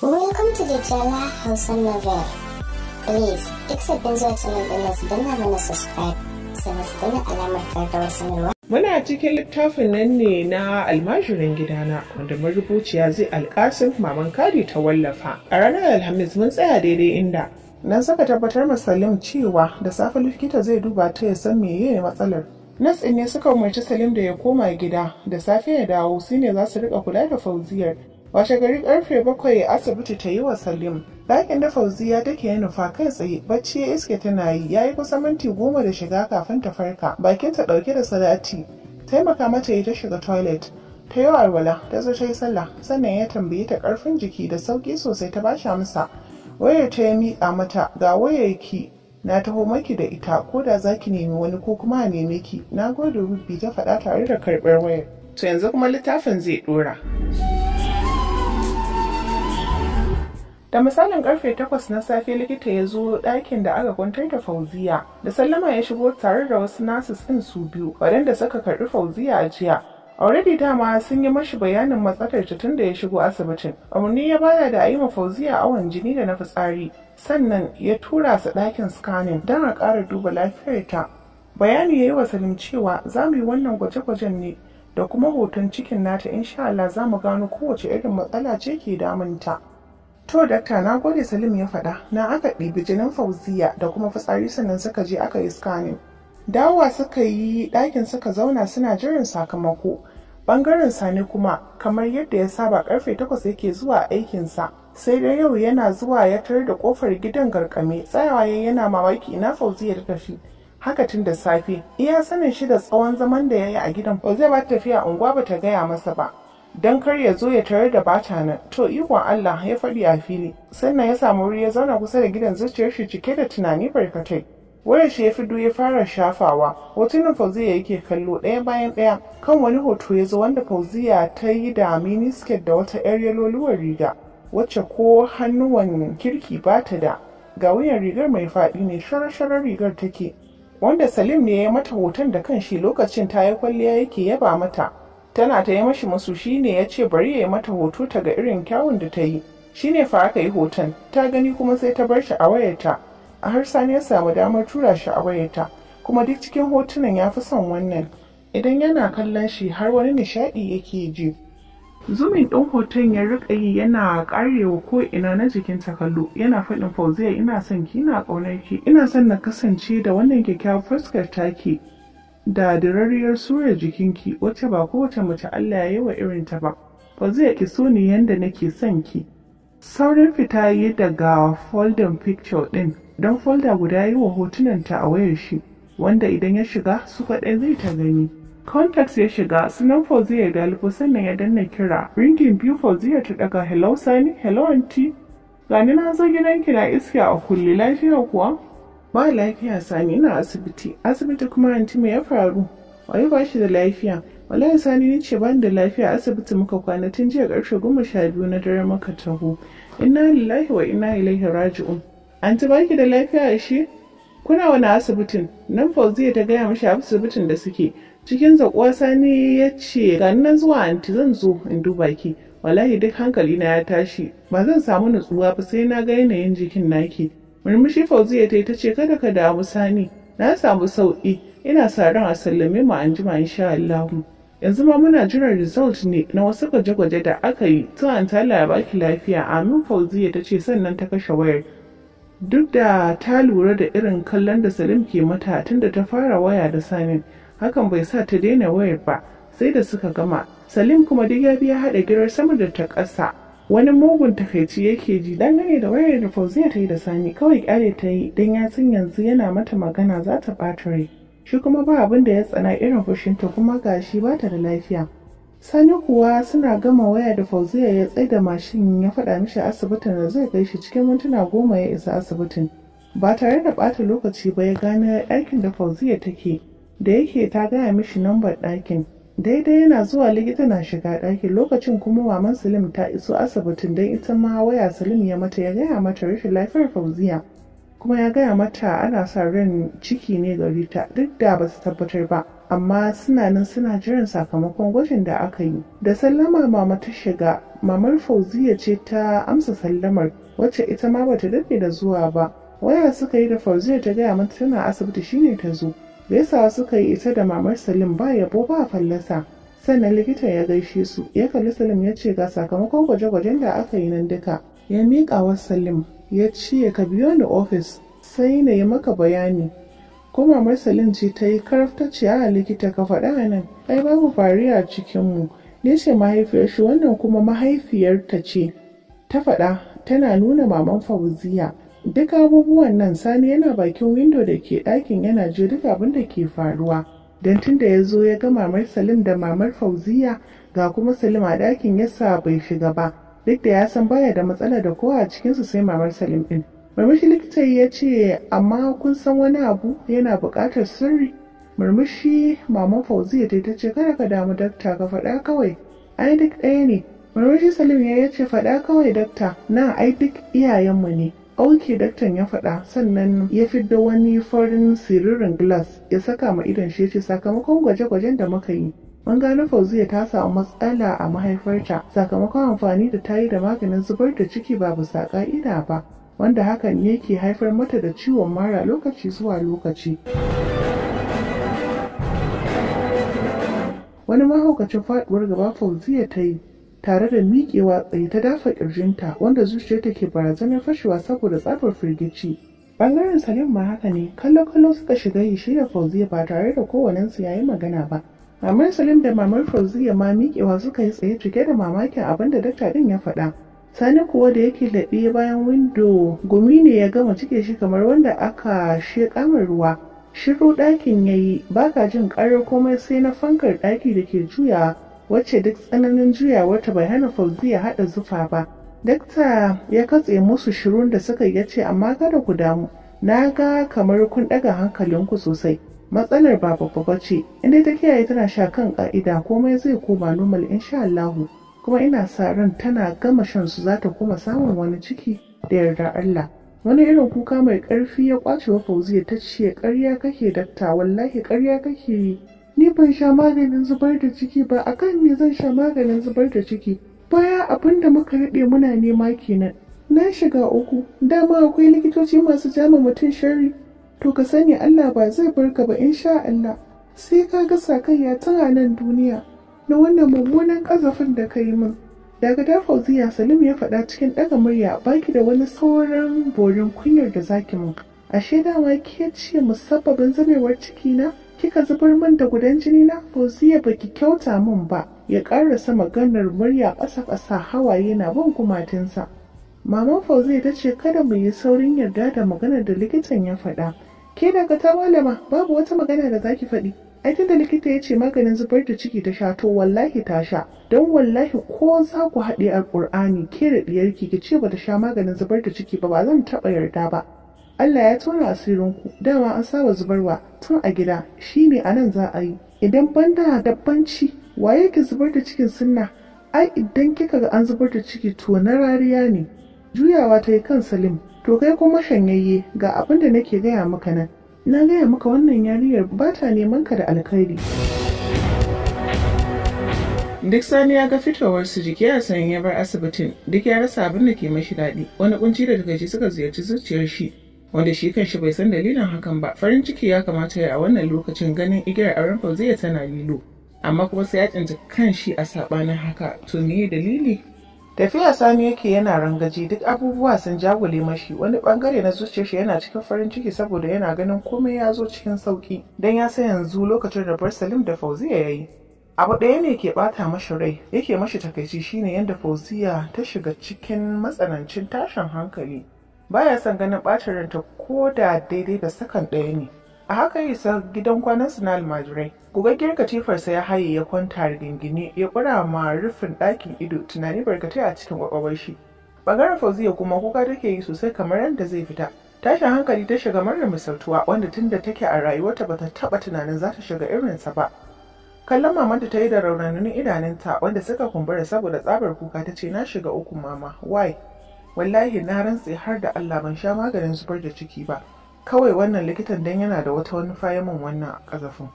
Welcome to the Jella Hausa Novel. Please, duk sabbin zuwa channel din nasu na mana subscribe sannan su alamar Muna cikin littafin nan ne na almajirin gidana wanda marubuciya zai alkasin maman kari ta wallafa. A ranar Alhamis mun tsaya daidai inda na saka tabbatar ma Salim cewa da safe likita zai duba ta ya san meye matsalar nas ne suka umarci salim da ya koma gida da safe ya dawo su ne za su rika kula da fauziyar washe gari karfe bakwai asibiti ta yi wa salim ɗakin da fauziya take ya nufa kai tsaye bacci ya iske tana yi ya yi kusan minti goma da shiga kafin ta farka bakin ta ɗauke da salati taimaka mata ya ta shiga toilet ta yi walwala ta zo ta yi sallah sannan ya tambaye ta karfin jiki da sauki sosai ta bashi amsa wayar ta ya miƙa mata ga wayarki na taho maki da ita ko da za ki nemi wani ko kuma a neme ki na gode rubi ta faɗa tare da karɓar wayar to yanzu kuma littafin zai ɗora. da misalin karfe 8 na safe likita ya zo ɗakin da aka kwantar da fauziya da sallama ya shigo tare da wasu nasis ɗin su biyu waɗanda suka karɓi fauziya a jiya already dama sun yi mashi bayanin matsalar ta tun da ya shigo asibitin umarni ya bada da a yi ma fauziya awon jini da na fitsari sannan ya tura su ɗakin scanning don a ƙara duba ta bayani ya yi wa salim cewa za mu yi wannan gwaje-gwajen ne da kuma hoton cikin nata insha Allah za mu gano kowace irin matsala ce ke damunta. To dakta na gode Salim ya faɗa na aka ɗibi jinin fauziya da kuma fitsari sannan suka je aka yi scanning. Dawa suka yi ɗakin suka zauna suna jiran sakamako. Bangaren Sani kuma kamar yadda ya saba karfe takwas yake zuwa aikinsa sai dai yau yana zuwa ya tare da kofar gidan garkame tsayawa yana mamaki ina fauziya ta tafi. haka tun da safe iya sanin shi da tsawon zaman da ya yi a gidan ba zai ba tafiya unguwa ba ta gaya masa ba don kar ya zo ya tare da bata nan to ikon Allah ya faɗi a fili sannan ya samu wuri ya zauna kusa da gidan zuciyar shi cike da tunani barkatai wayar shi ya fido ya fara shafawa hotunan fauziya yake kallo ɗaya bayan ɗaya kan wani hoto ya zo wanda fauziya ta yi da minisket da wata yar yaloluwar riga wacce ko hannuwan kirki ba ta da ga wuyan rigar mai faɗi ne sharar-sharar rigar take wanda salim ne ya mata hoton da kan shi lokacin ta yi kwalliya yake yaba mata tana ta yi mashi musu ne ya ce bari ya yi mata hoto ta ga irin kyawun da ta yi shi ne fa aka yi hoton ta gani kuma sai ta bar shi a wayarta a har sani ya samu damar tura shi a wayarta kuma duk cikin hotunan ya fi son wannan idan yana kallon shi har wani nishaɗi yake ji zumin ɗin hoton ya riƙa yi yana ƙarewa ko ina na jikin kallo yana faɗin fauziya ina son kina ina ƙaunar ki ina son na kasance da wannan kyakkyawar fuskar ke. da dirariyar soya jikinki wacce ba kowace mace Allah ya yi wa irinta ba ba zai ki so ni yadda nake son ki saurin fita yi daga folding picture ɗin, don folder guda yi wa hotunanta a wayar shi wanda idan ya shiga su kaɗai zai ta gani contacts ya shiga sunan fauziya ya galibu sannan ya danna kira ringin biyu ya ta daga hello sani hello aunty gani na zo gidanki na iska a kulle lafiya kuwa ba lafiya sani na asibiti asibiti kuma anti me ya faru wai ba shi da lafiya wallahi sani ni ce bani da lafiya asibiti muka kwana tun jiya karshe goma sha biyu na dare muka taho inna lillahi wa inna ilaihi raji'un anti baki da lafiya shi kuna wani asibitin nan fauziya ta gaya mashi asibitin da suke cikin zakuwa sani ya ce ga nan zuwa anti zan zo in duba ki wallahi duk hankali na ya tashi ba zan samu nutsuwa ba sai na ga yanayin jikin naki murmushi fauziya ta yi ta ce kada ka damu sani na samu sauƙi ina sa ran a sallame mu an jima insha Allah yanzu ma muna jiran result ne na wasu gwaje-gwaje da aka yi tun an tala ya baki lafiya amin fauziya ta ce sannan ta kashe wayar duk da ta lura da irin kallon da salim ke mata tun da ta fara waya da sani hakan bai sa ta daina wayar ba sai da suka gama salim kuma duk ya biya haɗa girar sama da ta ƙasa wani mugun takaici yake ji dangane da wayar da fauziya ta yi da sani kawai kyale ta yi don ya san yanzu yana mata magana za ta ɓata rai shi kuma ba abin da ya tsana irin fushinta kuma gashi ba ta da lafiya sani kuwa suna gama waya da fauziya ya tsaye da mashin ya faɗa mishi asibitin da zai kai shi cikin mintuna goma ya isa asibitin ba tare da ɓata lokaci ba ya gane ɗakin da fauziya take da yake ta gaya mishi lambar ɗakin daidai yana zuwa likita na shiga ɗaki lokacin kuma maman salim ta iso asibitin don ita ma waya salim ya mata ya gaya mata rashin lafiyar fauziya kuma ya gaya mata ana sa ran ciki ne gari ta duk da ba su tabbatar ba amma suna nan suna jiran sakamakon gwajin da aka yi da sallama mama ta shiga mamar fauziya ce ta amsa sallamar wacce ita ma bata daɗe da zuwa ba waya suka yi da fauziya ta gaya mata tana asibiti shine ta zo da yasa suka yi ita da mamar salim ba yabo ba fallasa sannan likitan ya gaishe su ya kalli salim ya ce ga sakamakon gwaje-gwajen da aka yi nan duka ya miƙa wa salim ya ce ka biyo ni ofis sai na yi maka bayani ko mamar salim ce ta yi karftacciya a likita ka faɗa nan ai babu fariya cikinmu ne ce mahaifiyar shi wannan kuma mahaifiyarta ce ta faɗa tana nuna maman fauziya Duk abubuwan nan Sani yana bakin windo da ke ɗakin yana je duk abin da ke faruwa. Don tun da ya zo ya ga mamar Salim da mamar Fauziya ga kuma Salim a ɗakin sa bai shiga ba. Duk da ya san baya da matsala da kowa a cikinsu sai mamar Salim ɗin. Murmushi likita ya ce amma kun san wani abu yana buƙatar sirri. Murmushi maman Fauziya ta ce kada ka damu dakta ka faɗa kawai. Ai duk ɗaya ne. Murmushi Salim ya ce faɗa kawai dakta na ai duk iyayenmu ne. auki daktan ya faɗa sannan ya fidda wani farin siririn glass ya saka ma idon shi ce sakamakon gwaje-gwajen da muka yi mun gano fauziya ta samu matsala a mahaifarta sakamakon amfani da tayi da maganin zubar da ciki ba bisa ka'ida ba wanda hakan yake haifar mata da ciwon mara lokaci zuwa lokaci wani mahaukacin faɗuwar gaba fauziya ta yi tare da miƙewa tsaye ta dafa ƙirjinta wanda zuciyarta ke barazanar fashewa saboda tsabar firgici Ɓangaren salim ma haka ne kallo kallo suka shiga yi shi da fauziya ba tare da kowanensu yayi magana ba mamar salim da mamar fauziya ma miƙewa suka yi tsaye cike da mamakin abin da dakta ɗin ya faɗa sani kuwa da yake laɓe bayan windo gumi ne ya gama cike shi kamar wanda aka she kamar ruwa shiru ɗakin ya yi ba jin ƙarar komai sai na fankar ɗaki da ke juya wacce duk tsananin juyawarta bai hana fauziya haɗa zufa ba dakta ya katse musu shirun da suka ya ce amma kada ku damu na ga kamar kun ɗaga hankalinku sosai matsalar ba babba ba ce inda ta kiyaye tana sha kan ka'ida komai zai koma nomal insha Allahu kuma ina sa ran tana gama shan su za ta kuma samun wani ciki da yarda Allah wani irin kuka mai ƙarfi ya kwace wa fauziya ta ce ƙarya kake dakta wallahi ƙarya kake ni ban sha maganin zubar da ciki ba akan me zan sha maganin zubar da ciki baya abinda muka rade muna nema kenan na shiga uku dama akwai likitoci masu jama mutum shari to ka sani Allah ba zai bar ka ba sha Allah sai ka ga kan ya a nan duniya na wannan mummunan kazafin da ka yi min daga da fauziya salim ya faɗa cikin ɗaga murya baki da wani sauran borin kunyar da zaki mu ashe dama ke ce musabbabin zamewar ciki na kika zubar min da gudan jini na ya baki kyauta min ba ya karasa maganar murya ƙasa ƙasa hawaye na bin kumatinsa maman fauziya ta ce kada mu yi saurin yarda da maganar da likitan ya faɗa ke daga ta malama babu wata magana da zaki faɗi ai tunda likita ya ce maganin zubar da ciki ta sha to wallahi ta sha don wallahi ko za ku haɗe alƙur'ani ke da ɗiyarki ki ce ba ta sha maganin zubar da ciki ba ba zan taɓa yarda ba Allah ya tura asirinku dama an saba zubarwa tun a gida shi ne a nan za a yi idan banda dabbanci waye ke zubar da cikin sunna ai idan kika ga an zubar da ciki to na rariya ne juyawa ta yi kan salim to kai kuma shanyayye ga abinda da nake gaya maka nan na gaya maka wannan yarinyar ba ta neman ka da alkhairi duk sani ya ga fitowar su jiki a sanya ya bar asibitin duk ya rasa abin da ke mashi daɗi wani kunci da takaici suka ziyarci zuciyar shi wanda shi kan shi bai san dalilin hakan ba farin ciki ya kamata ya a wannan lokacin ganin igiyar auren fauziya tana lilo amma kuma sai ya tsinci shi a saɓanin haka to me dalili tafiya sami yake yana rangaji duk abubuwa sun jagule mashi wani bangare na zuciyar shi yana cikin farin ciki saboda yana ganin komai ya zo cikin sauki dan ya san yanzu lokacin da barsalim da fauziya ya yi abu ɗaya ne ke ɓata mashi rai yake mashi takaici shine yadda fauziya ta shiga cikin matsanancin tashin hankali baya son ganin ɓacin ranta ko da daidai da sakan ɗaya ne a haka ya sa gidan kwanansu na almajirai gugaggiyar katifarsa ya haye ya kwanta rigingine ya ƙura ma rufin ɗakin ido tunani barkatai a cikin ƙwaƙwalwar shi ɓangaren fauziya kuma kuka take yi sosai kamar yadda zai fita tashin hankali ta shiga marar misaltuwa wanda tun da take a rayuwarta ba ta taɓa tunanin za ta shiga irinsa ba kallon mamanta ta yi da raunanun idanunta wanda suka kumbura saboda tsabar kuka ta ce na shiga uku mama why wallahi na rantse har da Allah ban sha maganin zubar da ciki ba kawai wannan likitan dan yana da wata wani faye wannan kazafin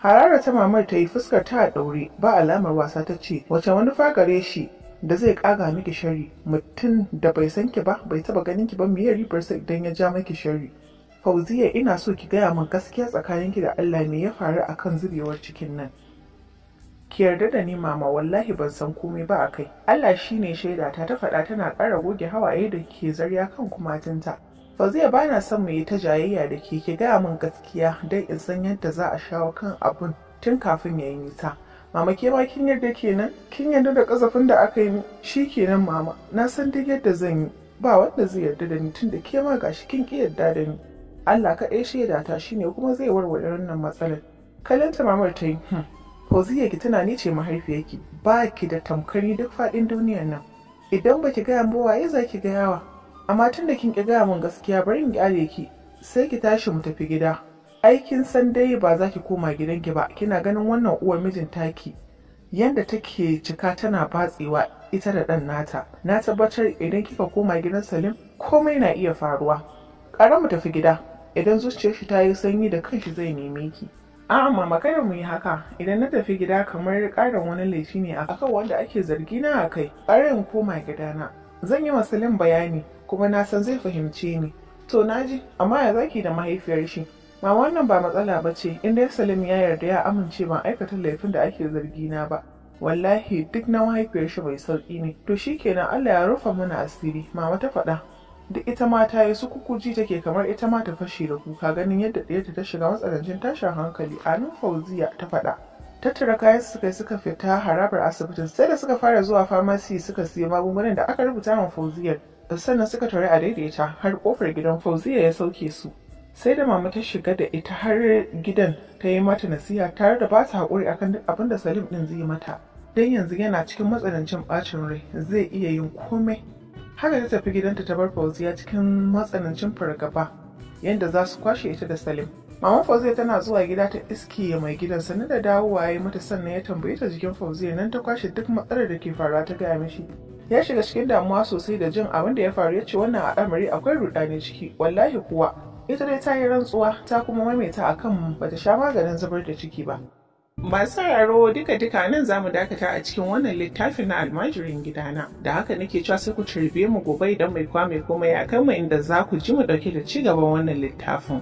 harara ta mamar ta yi fuskar ta daure ba alamar wasa ta ce wace wani fagare shi da zai kaga miki shari mutum da bai san ki ba bai taba ganin ki ba me yari sa idan ya ja miki shari fauziya ina so ki gaya mun gaskiya tsakaninki da Allah me ya faru akan zubewar cikin nan ki yarda da ni mama wallahi ban san komai ba a kai Allah shine shaida ta ta faɗa tana ƙara goge hawaye da ke zarya kan kumatinta Fauziya ba na son mu yi ta jayayya da ke ki gaya min gaskiya dan in san yadda za a shawo kan abun tun kafin ya yi nisa. Mama ke ma kin yarda kenan? Kin yarda da kasafin da aka yi shi kenan mama. Na san duk yadda zan yi. Ba wanda zai yarda da ni tun da ke ma gashi kin ki yarda da ni. Allah kaɗai shaida ta shine kuma zai warware wannan matsalar. Kalanta mamar ta yi, hmm. Fauziya ki tuna ni ce mahaifiyarki ba ki da tamkari duk faɗin duniyar nan. Idan ba ki gaya min waye za ki gaya wa? Amma tun da kin ki gaya min gaskiya bari in kyale ki sai ki tashi mu tafi gida. Aikin san dai ba za ki koma gidanki ba kina ganin wannan uwar mijin taki yanda take cika tana batsewa ita da ɗan nata. Na tabbatar idan kika koma gidan Salim komai na iya faruwa. Ƙara mu tafi gida idan zuciyar shi ta yi sanyi da kanshi zai neme ki. A'a mama kada mu yi haka idan na tafi gida kamar ƙarin wani laifi ne a kan wanda ake zargi na a kai. Ƙarin koma gidana. Zan yi wa Salim bayani kuma na san zai fahimce ni. To na ji amma ya zaki da mahaifiyar shi. Ma wannan ba matsala ba ce in dai Salim ya yarda ya amince ban aikata laifin da ake zargi na ba. Wallahi duk na mahaifiyar shi bai sauki ne. To shikenan Allah ya rufa mana asiri mama ta faɗa. da ita ma ta yi sukukuji take kamar ita ma ta fashe da kuka ganin yadda ɗayarta ta ta shiga matsanancin tashin hankali a nan fauziya ta faɗa tattara kayan suka suka fita harabar asibitin sai da suka fara zuwa famasi suka siya magungunan da aka rubuta ma fauziyar sannan suka tare a daidaita har kofar gidan fauziya ya sauke su sai da mama ta shiga da ita har gidan ta yi mata nasiha tare da ba ta haƙuri akan duk abin da salim ɗin zai mata dan yanzu yana cikin matsanancin ɓacin rai zai iya yin komai Haka ta tafi gidanta ta bar Fauziya cikin matsanancin fargaba yadda za su kwashe ita da Salim. Maman Fauziya tana zuwa gida ta iskiye mai gidan sannu da dawowa ya mata sannan ya tambaye ta jikin Fauziya nan ta kwashe duk matsalar da ke faruwa ta gaya mishi. Ya shiga cikin damuwa sosai da jin abin da ya faru ya ce wannan al'amari akwai rudani ciki wallahi kuwa ita dai ta yi rantsuwa ta kuma maimaita akan bata sha maganin zubar da ciki ba. Masu sauraro duka duka nan zamu dakata a cikin wannan littafin na almajirin gidana. Da haka nake cewa sai ku turbe mu gobe idan mai kwa mai komai akan mai inda za ku ji mu dauke da ci gaban wannan littafin.